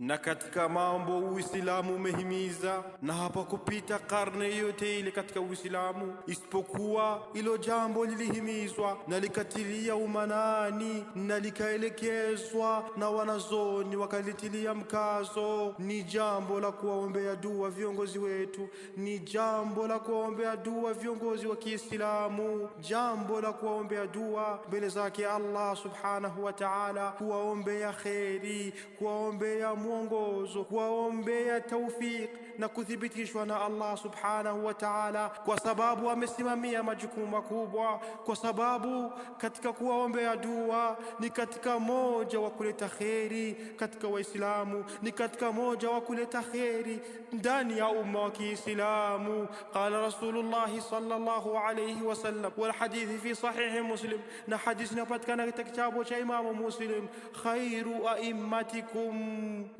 na katika mambo Uislamu umehimiza, na hapa kupita karne yote ile katika Uislamu isipokuwa ilo jambo lilihimizwa na likatilia umanani na likaelekezwa, na wanazoni wakalitilia mkazo. Ni jambo la kuwaombea dua viongozi wetu, ni jambo la kuwaombea dua viongozi wa Kiislamu, jambo la kuwaombea dua mbele zake Allah subhanahu wa ta'ala, kuwaombea kheri, kuwaombea mwongozo, waombea taufiki na kuthibitishwa na Allah subhanahu wa ta'ala, kwa sababu amesimamia majukumu makubwa, kwa sababu katika kuwaombea dua ni katika moja wa kuleta kheri katika Waislamu, ni katika moja wa kuleta kheri ndani ya umma wa Kiislamu. Qala Rasulullah sallallahu alayhi wasallam, wal hadithi fi sahihi Muslim, na hadithi inapatikana katika kitabu cha Imamu Muslim, khairu a'immatikum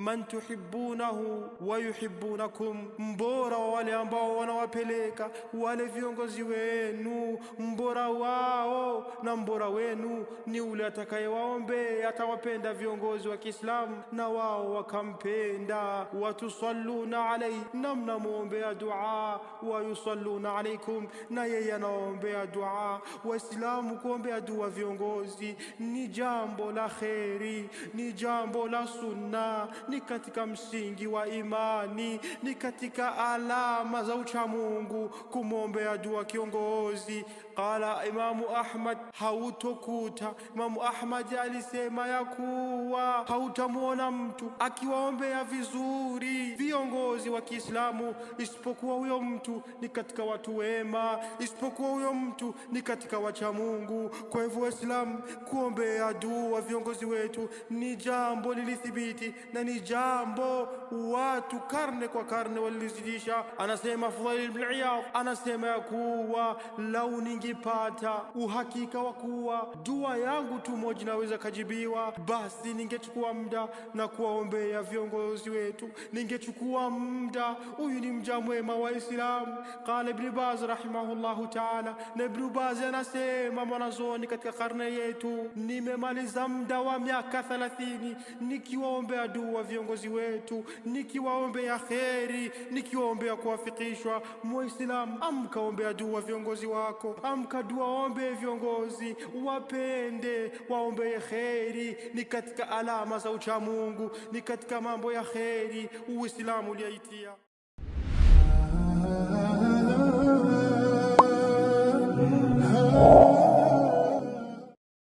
man tuhibbunahu wa yuhibbunakum, mbora wa wale ambao wanawapeleka wale viongozi wenu, mbora wao na mbora wenu ni ule atakayewaombea, atawapenda viongozi wa Kiislamu na wao wakampenda. Watusalluna alaihi, na mnamwombea dua. Wayusalluna alaykum, na yeye anawaombea dua. Waislamu kuombea dua viongozi ni jambo la kheri, ni jambo la sunna ni katika msingi wa imani, ni katika alama za uchamungu kumwombea dua kiongozi. Qala Imamu Ahmad, hautokuta Imamu Ahmad alisema ya kuwa hautamwona mtu akiwaombea vizuri viongozi wa Kiislamu isipokuwa huyo mtu ni katika watu wema, isipokuwa huyo mtu ni katika wachamungu. Kwa hivyo Waislamu, kuombea dua viongozi wetu ni jambo lilithibiti na ni jambo watu karne kwa karne walizidisha. Anasema Fudhail ibn Iyadh, anasema ya kuwa lau ningipata uhakika wa kuwa dua yangu tu moja inaweza kajibiwa, basi ningechukua muda na kuwaombea viongozi wetu, ningechukua muda. Huyu ni mja mwema wa Islamu. Qala Ibn Baz rahimahullahu taala, na Ibn Baz anasema mwanazoni katika karne yetu, nimemaliza muda wa miaka 30 nikiwaombea dua kwa viongozi wetu, nikiwaombea kheri, nikiwaombea kuwafikishwa. Muislamu, amka ombea dua viongozi wako, amka dua, ombe viongozi, wapende, waombee kheri. Ni katika alama za uchamungu, ni katika mambo ya kheri Uislamu uliaitia.